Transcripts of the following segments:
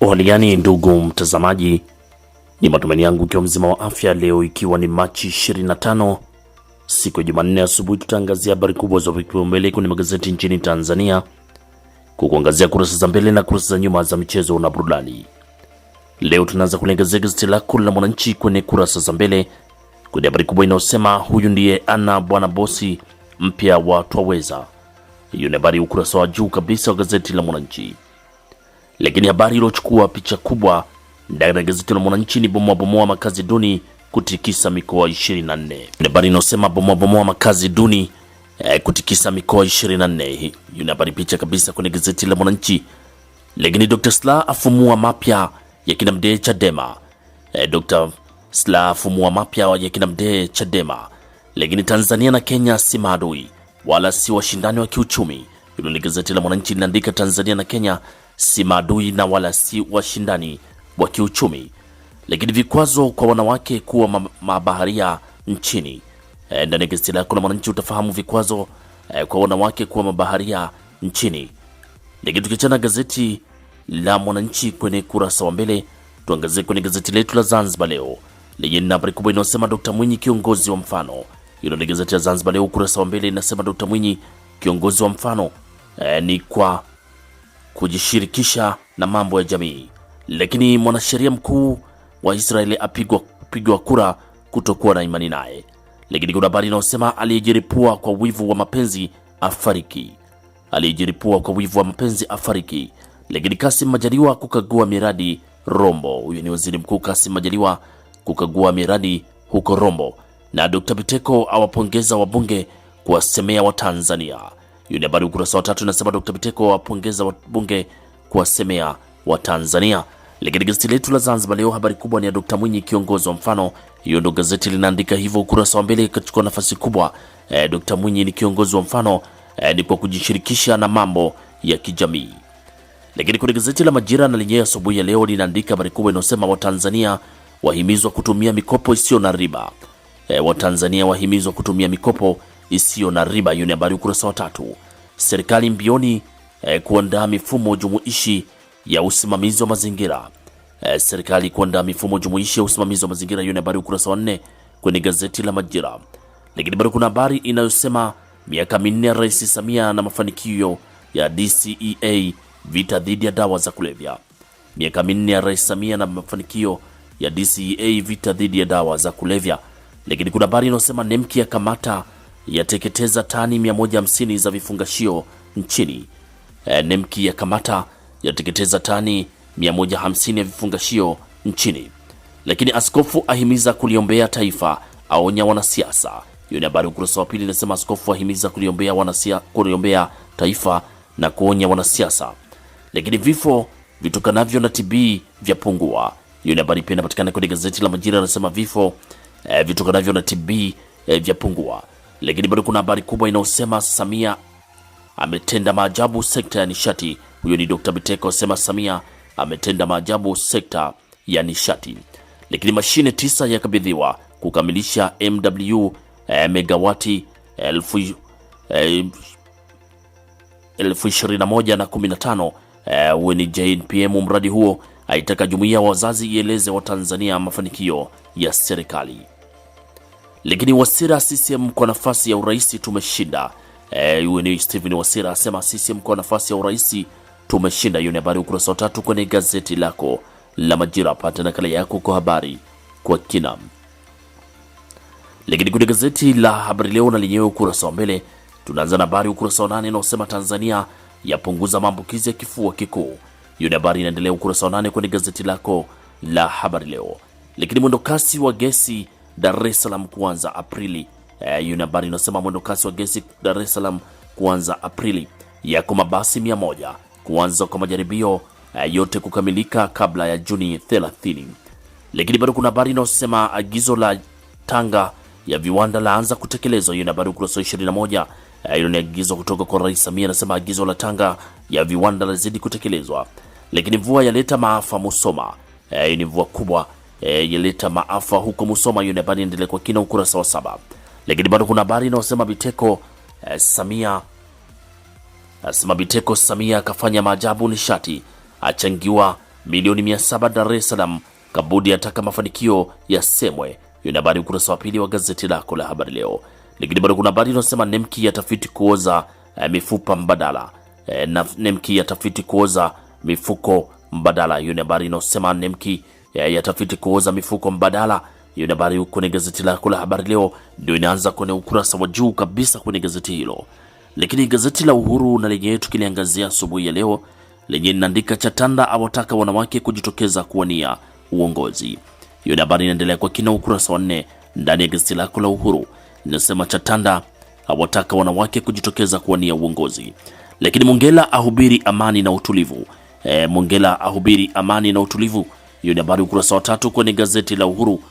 Uhaligani ndugu mtazamaji, ni matumaini yangu ikiwa mzima wa afya. Leo ikiwa ni Machi 25 siku ya Jumanne asubuhi, tutaangazia habari kubwa za kipaumbele kwenye magazeti nchini Tanzania, kukuangazia kurasa za mbele na kurasa za nyuma za michezo na burudani. Leo tunaanza kuliangazia gazeti lako la Mwananchi kwenye kurasa za mbele kwenye habari kubwa inayosema huyu ndiye ana bwana bosi mpya wa Twaweza. Hiyo ni habari ukurasa wa juu kabisa wa gazeti la Mwananchi lakini habari iliyochukua picha kubwa ndani ya gazeti la Mwananchi ni bomoa bomoa makazi duni kutikisa mikoa 24. Habari inasema bomoa bomoa makazi duni eh, kutikisa mikoa 24. Hiyo ni habari picha kabisa kwenye gazeti la Mwananchi. Lakini Dr. Sla afumua mapya ya kina Mdee Chadema. Eh, Dr. Sla afumua mapya ya kina Mdee Chadema. Lakini Tanzania na Kenya si maadui wala si washindani wa kiuchumi. Hilo ni gazeti la Mwananchi linaandika Tanzania na Kenya si maadui na wala si washindani wa kiuchumi, lakini vikwazo kwa wanawake kuwa mabaharia nchini. E, ndani ya gazeti lako la Mwananchi utafahamu vikwazo e, kwa wanawake kuwa mabaharia nchini. Lakini tukichana gazeti la Mwananchi kwenye kurasa wa mbele, tuangazie kwenye gazeti letu la Zanzibar Leo lenye nambari kubwa inayosema Dr. Mwinyi kiongozi wa mfano. Hilo ni gazeti la Zanzibar Leo, ukurasa wa mbele inasema Dr. Mwinyi kiongozi wa mfano e, ni kwa kujishirikisha na mambo ya jamii. Lakini mwanasheria mkuu wa Israeli apigwa pigwa kura kutokuwa na imani naye. Lakini kuna habari inayosema aliyejiripua kwa wivu wa mapenzi afariki, aliyejiripua kwa wivu wa mapenzi afariki. Lakini kasim Majaliwa kukagua miradi Rombo. Huyu ni waziri mkuu kasim Majaliwa kukagua miradi huko Rombo, na Dr. Biteko awapongeza wabunge kuwasemea Watanzania. Yule habari ukurasa wa tatu inasema Dr. Biteko wapongeza wabunge kuwasemea wa Tanzania. Lakini gazeti letu la Zanzibar leo habari kubwa ni ya Dr. Mwinyi kiongozi wa mfano. Hiyo ndo gazeti linaandika hivyo, ukurasa wa mbele ikachukua nafasi kubwa. E, eh, Dr. Mwinyi ni kiongozi wa mfano e, ni kwa kujishirikisha na mambo ya kijamii. Lakini kwenye gazeti la Majira na lenyewe asubuhi ya leo linaandika habari kubwa inayosema Watanzania wahimizwa kutumia mikopo isiyo na riba. E, Watanzania wahimizwa kutumia mikopo isiyo na riba. Hiyo ni habari ukurasa wa tatu serikali mbioni eh, kuandaa mifumo jumuishi ya usimamizi wa mazingira eh, serikali kuandaa mifumo jumuishi ya usimamizi wa mazingira. Hiyo ni habari ukurasa wa nne kwenye gazeti la Majira, lakini bado kuna habari inayosema miaka minne ya Rais Samia na mafanikio ya DCEA vita dhidi ya dawa za kulevya. Miaka minne ya Rais Samia na mafanikio ya DCEA vita dhidi ya dawa za kulevya. Lakini kuna habari inayosema nemki ya kamata yateketeza tani 150 za vifungashio nchini. Eh, Nemki ya kamata yateketeza tani 150 ya vifungashio nchini. Lakini askofu ahimiza kuliombea taifa, aonya wanasiasa. Hiyo ni habari ukurasa wa pili, inasema askofu ahimiza kuliombea wanasiasa, kuliombea taifa na kuonya wanasiasa. Lakini vifo vitokanavyo na TB vyapungua. Hiyo ni habari pia inapatikana kwenye gazeti la Majira, anasema vifo eh, vitokanavyo na TB eh, vyapungua. Lakini bado kuna habari kubwa inayosema Samia ametenda maajabu sekta ya nishati. Huyo ni Dr. Biteko asema Samia ametenda maajabu sekta ya nishati. Lakini mashine tisa yakabidhiwa kukamilisha MW eh, megawati elfu, eh, elfu ishirini na moja na kumi na tano eh, huyo ni JNPM. Mradi huo aitaka jumuiya wazazi ieleze Watanzania mafanikio ya serikali. Lakini Wasira CCM kwa nafasi ya urais tumeshinda. Eh, e, ni Steven Wasira asema CCM kwa nafasi ya urais tumeshinda. Hiyo ni habari ukurasa wa tatu kwenye gazeti lako la Majira. Pata nakala yako kwa habari kwa kina. Lakini kwenye gazeti la Habari Leo na lenyewe ukurasa wa mbele tunaanza na habari ukurasa wa nane inaosema Tanzania yapunguza maambukizi ya kifua kikuu. Hiyo ni habari inaendelea ukurasa wa nane kwenye gazeti lako la Habari Leo. Lakini mwendo kasi wa gesi Dar es Salaam kuanza Aprili. Eh, hiyo ni habari inasema mwendokasi wa gesi Dar es Salaam kuanza Aprili, yako mabasi moja kuanza kwa majaribio eh, yote kukamilika kabla ya Juni 30. Lakini bado kuna habari inayosema agizo la Tanga ya viwanda laanza kutekelezwa. Hiyo ni habari ukurasa 21. Eh, hilo ni agizo kutoka kwa Rais Samia, anasema agizo la Tanga ya viwanda lazidi kutekelezwa. Lakini mvua yaleta maafa Musoma. Hiyo ni mvua kubwa e, yalileta maafa huko Musoma. Hiyo ni habari inaendelea kwa kina ukurasa wa saba, lakini bado kuna habari inayosema Biteko e, Samia asema e, Biteko Samia akafanya maajabu nishati, achangiwa milioni 700 Dar es Salaam. Kabudi ataka mafanikio yasemwe. Hiyo ni habari ukurasa wa pili wa gazeti lako la habari leo, lakini bado kuna habari inayosema Nemki yatafiti kuoza eh, mifupa mbadala eh, na Nemki yatafiti kuoza mifuko mbadala. Hiyo ni habari inayosema Nemki ya tafiti kuuza mifuko mbadala. Hiyo ni habari kwenye gazeti lako la Habari Leo, ndio inaanza kwenye ukurasa wa juu kabisa kwenye gazeti hilo. Lakini gazeti la Uhuru na lenyewe tukiliangazia asubuhi ya leo, lenye linaandika Chatanda awataka wanawake kujitokeza kuwania uongozi. Hiyo ni habari inaendelea kwa kina ukurasa wa nne ndani ya gazeti lako la Uhuru, linasema Chatanda awataka wanawake kujitokeza kuwania uongozi. Lakini Mongela ahubiri amani na utulivu. E, Mongela ahubiri amani na utulivu hiyo ni habari ukurasa wa tatu kwenye gazeti la Uhuru.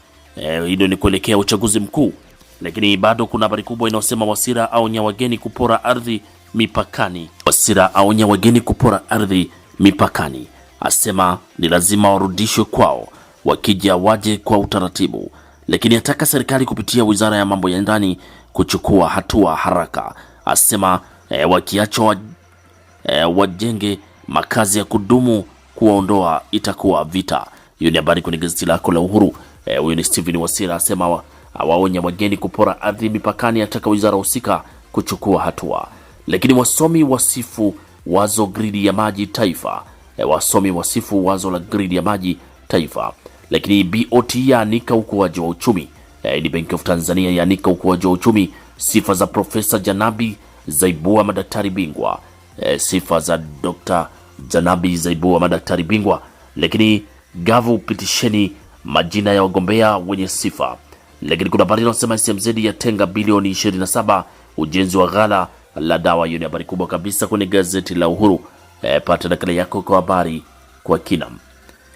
Eh, Hilo ni kuelekea uchaguzi mkuu, lakini bado kuna habari kubwa inayosema Wasira aonya wageni kupora ardhi mipakani. Wasira aonya wageni kupora ardhi mipakani, asema ni lazima warudishwe kwao, wakija waje kwa utaratibu, lakini ataka serikali kupitia wizara ya mambo ya ndani kuchukua hatua haraka. Asema e, eh, wakiachwa eh, wajenge makazi ya kudumu, kuwaondoa itakuwa vita. Hiyo ni habari kwenye gazeti lako la Uhuru. Eh, Huyu e, ni Steven Wasira asema wa, waonya wageni kupora ardhi mipakani, ataka wizara husika kuchukua hatua. Lakini wasomi wasifu wazo gridi ya maji taifa. E, wasomi wasifu wazo la gridi ya maji taifa. Lakini BOT yaanika ukuaji wa uchumi. E, ni Bank of Tanzania yaanika ukuaji wa uchumi. Sifa za Profesa Janabi zaibua madaktari bingwa. E, sifa za Dr. Janabi zaibua madaktari bingwa. Lakini Gavu pitisheni majina ya wagombea wenye sifa. Lakini kuna habari inasema SMZ yatenga bilioni 27 ujenzi wa ghala la dawa. Hiyo ni habari kubwa kabisa kwenye gazeti la Uhuru. E, pata nakala yako kwa habari kwa kina.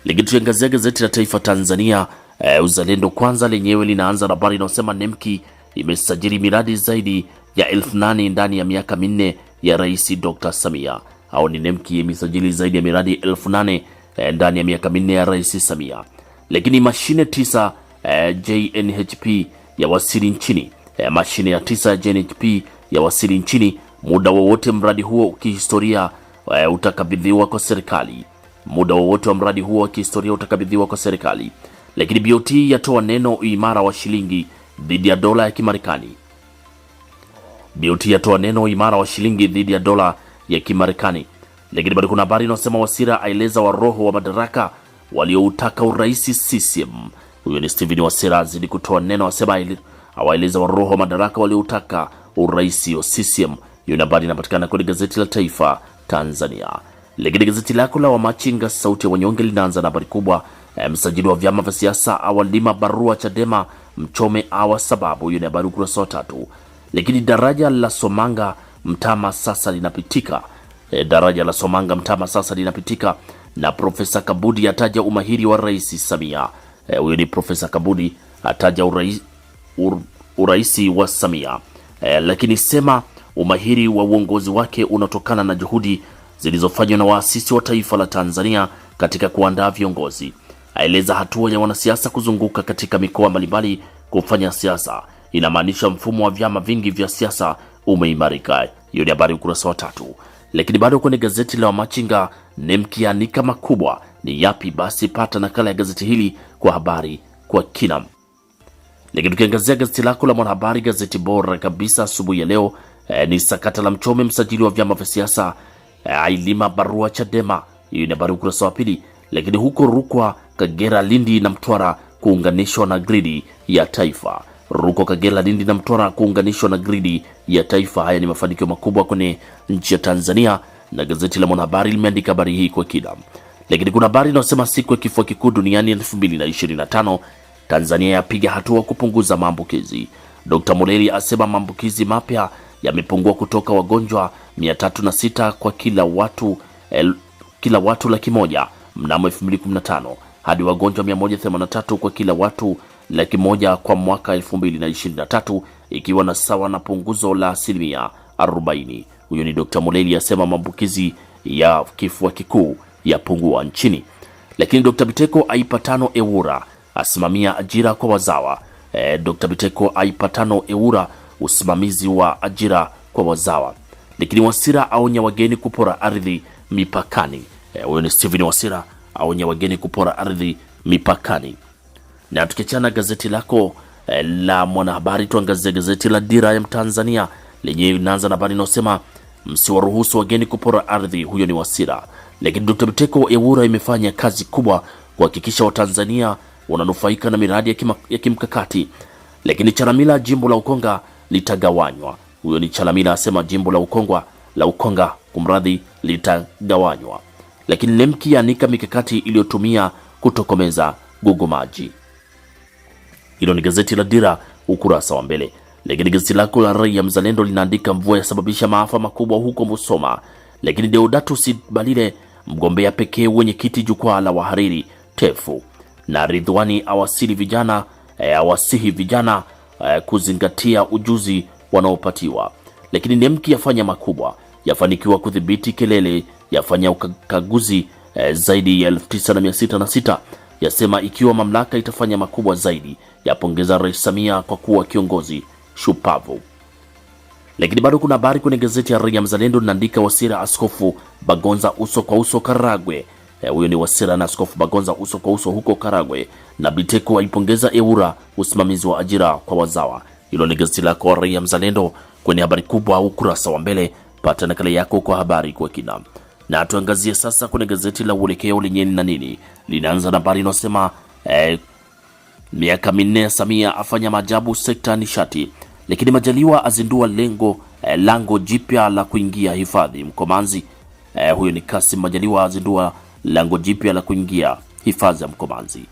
Lakini tuangazia gazeti la Taifa Tanzania e, Uzalendo Kwanza lenyewe linaanza na habari inayosema Nemki imesajili miradi zaidi ya elfu nane ndani ya miaka minne ya Rais Dr. Samia. Au ni Nemki imesajili zaidi ya miradi elfu nane eh, ndani ya miaka minne ya Rais Samia. Lakini mashine tisa eh, JNHP ya wasili nchini eh, mashine ya tisa ya JNHP ya wasili nchini muda wowote mradi huo kihistoria eh, utakabidhiwa kwa serikali. Muda wowote wa mradi huo wa kihistoria utakabidhiwa kwa serikali. Lakini BOT yatoa neno imara wa shilingi dhidi ya dola ya Kimarekani. BOT yatoa neno imara wa shilingi dhidi ya dola ya Kimarekani. Lakini bado kuna habari inayosema Wasira aeleza waroho wa madaraka walioutaka urais CCM. Huyo ni Steven Wasira azidi kutoa neno, asema awaeleza waroho wa madaraka walioutaka urais wa CCM. Hiyo ni habari inapatikana kwenye gazeti la Taifa Tanzania. Lakini gazeti lako la Wamachinga sauti ya wanyonge linaanza na habari kubwa e, msajili wa vyama vya siasa awalima barua Chadema mchome awa sababu. Hiyo ni habari ukurasa wa tatu. Lakini daraja la Somanga Mtama sasa linapitika E, daraja la Somanga Mtama sasa linapitika na Profesa Kabudi ataja umahiri wa Rais Samia. Eh, Huyo e, ni Profesa Kabudi ataja urais, ur, uraisi wa Samia e, lakini sema umahiri wa uongozi wake unatokana na juhudi zilizofanywa na waasisi wa taifa la Tanzania katika kuandaa viongozi. Aeleza hatua ya wanasiasa kuzunguka katika mikoa mbalimbali kufanya siasa inamaanisha mfumo wa vyama vingi vya siasa umeimarika. Hiyo ni habari ukurasa wa tatu. Lakini bado kwenye gazeti la Wamachinga ni mkianika makubwa ni yapi? Basi pata nakala ya gazeti hili kwa habari kwa kina. Lakini tukiangazia gazeti lako la Mwanahabari, gazeti bora kabisa asubuhi ya leo eh, ni sakata la Mchome, msajili wa vyama vya siasa eh, ailima barua Chadema. Hiyo ni habari ukurasa wa pili. Lakini huko Rukwa, Kagera, Lindi na Mtwara kuunganishwa na gridi ya taifa. Ruko, Kagera, Lindi na Mtwara kuunganishwa na gridi ya taifa. Haya ni mafanikio makubwa kwenye nchi ya Tanzania, na gazeti la Mwanahabari limeandika habari hii kwa kina. Lakini kuna habari inayosema siku ya kifua kikuu duniani 2025 Tanzania yapiga hatua kupunguza maambukizi. Dr. Muleli asema maambukizi mapya yamepungua kutoka wagonjwa 306 kwa kila watu, el, kila watu laki moja mnamo 2015 hadi wagonjwa 183 kwa kila watu laki moja kwa mwaka 2023 ikiwa na sawa na punguzo la asilimia 40. Huyo ni Dr. Moleli asema maambukizi ya kifua kikuu yapungua nchini. Lakini Dr. Biteko aipa tano Eura asimamia ajira kwa wazawa. E, Dr. Biteko aipa tano Eura usimamizi wa ajira kwa wazawa. Lakini Wasira aonya wageni kupora ardhi mipakani. E, huyo e, ni Steven Wasira aonya wageni kupora ardhi mipakani. Na tukiachana gazeti lako eh, la Mwanahabari, tuangazie gazeti la Dira ya Mtanzania lenye inaanza na habari inayosema msiwaruhusu wageni kupora ardhi, huyo ni Wasira. Lakini Dr. Biteko Ewura imefanya kazi kubwa kuhakikisha Watanzania wananufaika na miradi ya, kima, ya kimkakati. Lakini Chalamila jimbo la Ukonga litagawanywa, huyo ni Chalamila asema jimbo la Ukonga la Ukonga kumradhi litagawanywa. Lakini Lemki yaanika mikakati iliyotumia kutokomeza gugu maji. Hilo ni gazeti la Dira ukurasa wa mbele. Lakini gazeti lako la Raia Mzalendo linaandika mvua yasababisha maafa makubwa huko Musoma. Lakini Deodatus Balile mgombea pekee wenye kiti jukwaa la wahariri tefu na Ridhwani awasili vijana e, awasihi vijana e, kuzingatia ujuzi wanaopatiwa. Lakini Nemki yafanya makubwa, yafanikiwa kudhibiti kelele, yafanya ukaguzi e, eh, zaidi ya 9606 yasema ikiwa mamlaka itafanya makubwa zaidi, yapongeza Rais Samia kwa kuwa kiongozi shupavu. Lakini bado kuna habari kwenye gazeti ya Raia Mzalendo linaandika Wasira Askofu Bagonza uso kwa uso Karagwe. Eh, huyo ni Wasira na Askofu Bagonza uso kwa uso huko Karagwe. Na Biteko aipongeza EWURA usimamizi wa ajira kwa wazawa. Hilo ni gazeti lako Raia Mzalendo kwenye habari kubwa ukurasa wa mbele. Pata nakala yako kwa habari kwa kina. Na tuangazie sasa kwenye gazeti la Uelekeo lenye na nini linaanza na habari inayosema eh, miaka minne Samia afanya maajabu sekta nishati, lakini Majaliwa azindua lengo eh, lango jipya la kuingia hifadhi Mkomanzi. Eh, huyo ni Kasim Majaliwa azindua lango jipya la kuingia hifadhi ya Mkomanzi,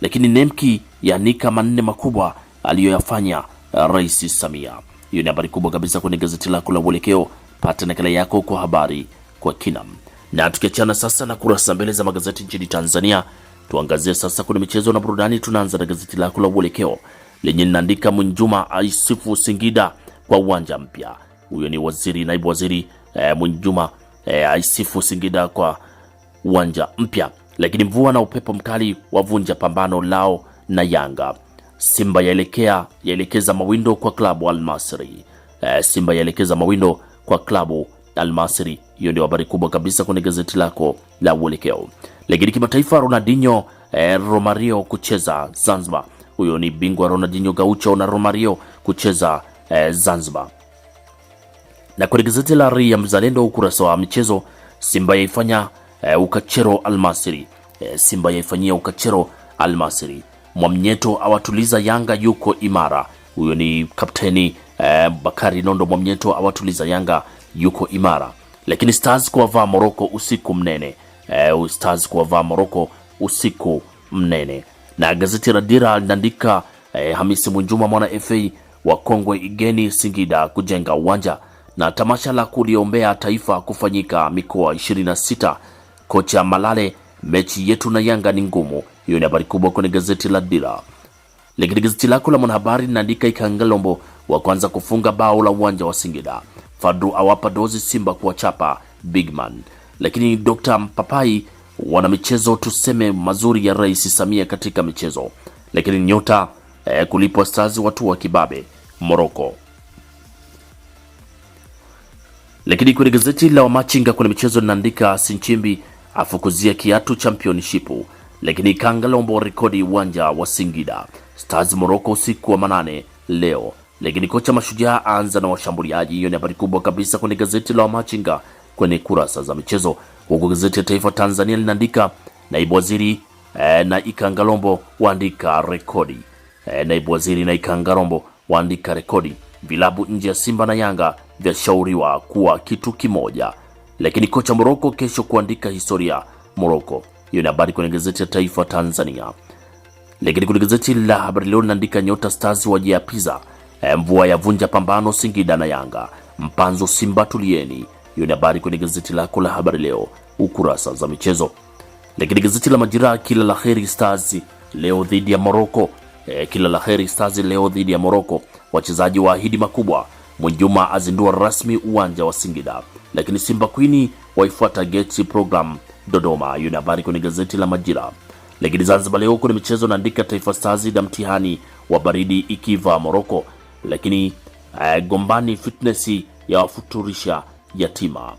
lakini Nemki yanika manne makubwa aliyoyafanya eh, Rais Samia. Hiyo ni habari kubwa kabisa kwenye gazeti lako la Uelekeo. Pata nakala yako kwa habari kwa kina. Na tukiachana sasa na kurasa mbele za magazeti nchini Tanzania, tuangazie sasa kwenye michezo na burudani. Tunaanza na gazeti lako la Uelekeo lenye linaandika Mwinjuma aisifu Singida kwa uwanja mpya. Huyo ni waziri, naibu waziri eh, Mwinjuma eh, aisifu Singida kwa uwanja mpya. Lakini mvua na upepo mkali wavunja pambano lao na Yanga. Simba yaelekea yaelekeza mawindo kwa klabu Almasri. Eh, Simba yaelekeza mawindo kwa klabu Almasri. Hiyo ndio habari kubwa kabisa kwenye gazeti lako la Uelekeo. Lakini kimataifa, Ronaldinho eh, Romario kucheza Zanzibar. Huyo ni bingwa Ronaldinho Gaucho na Romario kucheza eh, Zanzibar. Na kwenye gazeti la Ria Mzalendo ukurasa wa michezo, Simba yaifanya eh, ukachero Almasri. Eh, Simba yaifanyia ukachero Almasri. Mwamnyeto awatuliza Yanga yuko imara. Huyo ni kapteni eh, Bakari Nondo Mwamnyeto awatuliza Yanga yuko imara, lakini Stars kuwavaa Moroko usiku mnene. E, Stars kuwavaa Moroko usiku mnene. Na gazeti la Dira linaandika e, Hamisi Mwinjuma mwana FA wa Kongwe igeni Singida kujenga uwanja na tamasha la kuliombea taifa kufanyika mikoa 26. Kocha Malale, mechi yetu na Yanga ni ngumu. Hiyo ni habari kubwa kwenye gazeti la Dira. Lakini gazeti lako la Mwanahabari linaandika Ikangalombo wa kwanza kufunga bao la uwanja wa Singida. Fadru awapa dozi Simba kuwachapa Bigman. Lakini Dr. Mpapai, wana michezo tuseme mazuri ya Rais Samia katika michezo, lakini nyota eh, kulipwa Stars watu wa kibabe Moroko. Lakini kwenye gazeti la Wamachinga kuna michezo linaandika Sinchimbi afukuzia kiatu championshipu, lakini Kangalombo rekodi uwanja wa Singida. Stars Moroko usiku wa manane leo lakini kocha Mashujaa anza na washambuliaji. Hiyo ni habari kubwa kabisa kwenye gazeti la Wamachinga kwenye kurasa za michezo, huku gazeti ya Taifa Tanzania linaandika naibu waziri e, eh, na Ikangalombo waandika rekodi e, naibu waziri na Ikangalombo waandika rekodi. Vilabu nje ya Simba na Yanga vyashauriwa kuwa kitu kimoja, lakini kocha Moroko kesho kuandika historia Moroko. Hiyo ni habari kwenye gazeti ya Taifa Tanzania, lakini kwenye gazeti la Habari Leo linaandika nyota Stars wajia Pisa E, mvua ya vunja pambano Singida na Yanga. Mpanzo Simba tulieni. Hiyo ni habari kwenye gazeti lako la habari leo ukurasa za michezo. Lakini gazeti la Majira, kila la heri Stars leo dhidi ya Moroko. E, kila la heri Stars leo dhidi ya Moroko. Wachezaji waahidi makubwa. Mwinjuma azindua rasmi uwanja wa Singida. Lakini Simba Queen waifuata Gate Program Dodoma. Hiyo ni habari kwenye gazeti la Majira. Lakini Zanzibar leo kuna michezo naandika Taifa Stars na mtihani wa baridi ikiva Moroko lakini eh, Gombani Fitness ya wafuturisha yatima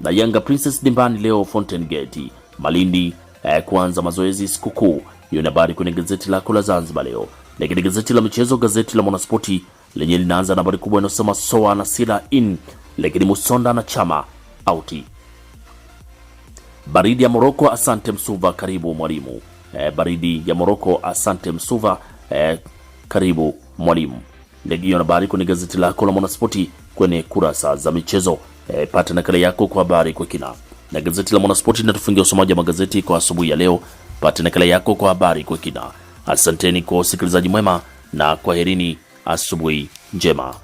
na Yanga Princess dimbani leo Fountain Gate Malindi eh, kuanza mazoezi sikukuu. Hiyo ni habari kwenye gazeti lako la Zanzibar leo. Lakini gazeti la michezo, gazeti la Mwanaspoti lenye linaanza na habari kubwa inayosema Soa na Sila in, lakini Musonda na Chama auti. Baridi ya Moroko, asante Msuva, karibu mwalimu. Eh, baridi ya Moroko, asante Msuva, eh, karibu mwalimu. Ndegio na habari kwenye gazeti lako la Mwanaspoti kwenye kurasa za michezo. E, pata nakala yako kwa habari kwa kina. Na gazeti la Mwanaspoti linatufungia usomaji wa magazeti kwa asubuhi ya leo. Pata nakala yako kwa habari kwa kina. Asanteni kwa usikilizaji mwema na kwaherini, asubuhi njema.